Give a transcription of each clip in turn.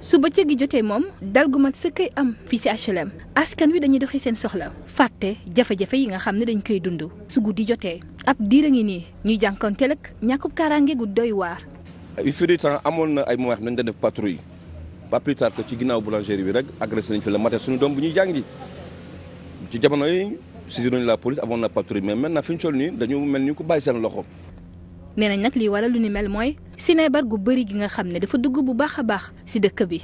su bëccëg gi jotee moom dal gu mat sëkkay am fii ci HLM askan wi dañuy doxi seen soxla fàtte jafe-jafe yi nga xam ne dañ koy dund su guddi jotee ab diira ngi nii ñuy jànkonteel ak ñàkkub kaaraange gu doy waar. il fut temps amoon na ay moyens xam nañ daan def patrouille pas plus ci ginnaaw boulangerie bi rek agressé nañ fi la matin suñu doom bu ñuy jàngi ci jamono yi saisir nañ la police amoon na patrouille mais maintenant fi ñu nii dañu mel ni ku bàyyi seen loxo. nee nañ nag li waral lu ni mel mooy sinébar gu bari gi nga xam ne dafa dugg bu baax a baax si dëkk bi.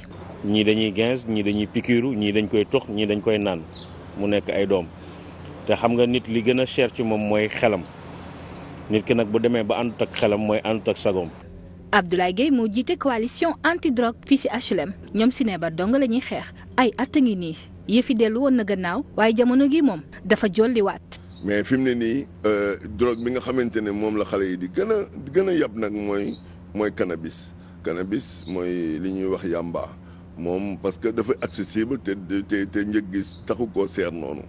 ñii dañuy gens ñii dañuy pikiiru ñii dañ koy tox ñii dañ koy naan mu nekk ay doom te xam nga nit li gën a cher ci moom mooy xelam nit ki nag bu demee ba àndut ak xelam mooy àndut ak sagoom. Abdoulaye Gueye moo jiite coalition anti drogue fii si HLM ñoom sinébar dong la ñuy xeex ay at a ngi nii. yëfi dellu woon na gannaaw waaye jamono gi moom dafa jolliwaat. mais fi mu ne nii euh, drogue bi nga xamante ne moom la xale yi di gën a gën a yab nag mooy mooy cannabis cannabis mooy li ñuy wax yàmba moom parce que dafa accessible te te te njëg gi taxu ko seer noonu.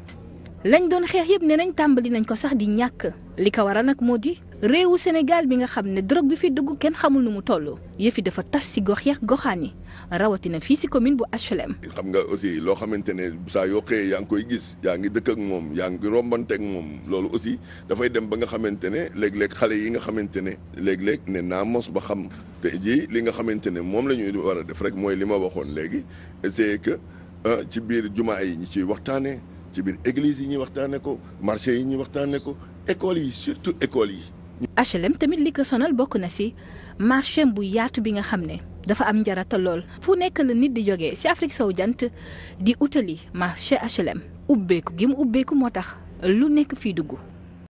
lañ doon xeex yëpp ne nañ tàmbali nañ ko sax di ñàkk li ko waral nag moo di réewu Sénégal bi nga xam ne drogue bi fi dugg kenn xamul nu mu toll yëfi dafa tas ci gox yeex goxaan yi rawatina fii si commune bu HLM. xam nga aussi loo xamante ne saa yoo xëyee yaa ngi koy gis yaa ngi dëkk ak moom yaa ngi rombante ak moom loolu aussi dafay dem ba nga xamante ne léeg-léeg xale yi nga xamante ne léeg-léeg ne naa mos ba xam te ji li nga xamante ne moom la ñuy war a def rek mooy li ma waxoon léegi c'est que ah, ci biir jumaa yi ñu ciy waxtaanee. ci biir église yi ñuy waxtaane ko marché yi ñuy waxtaanee ko école yi surtout école yi. HLM tamit li ko sonal bokk na si marché bu yaatu bi nga xam ne dafa am njarata lool fu nekk la nit di jógee si Afrique saw jant di utali marché HLM ubbeeku gi mu ubbeeku moo tax lu nekk fii dugg.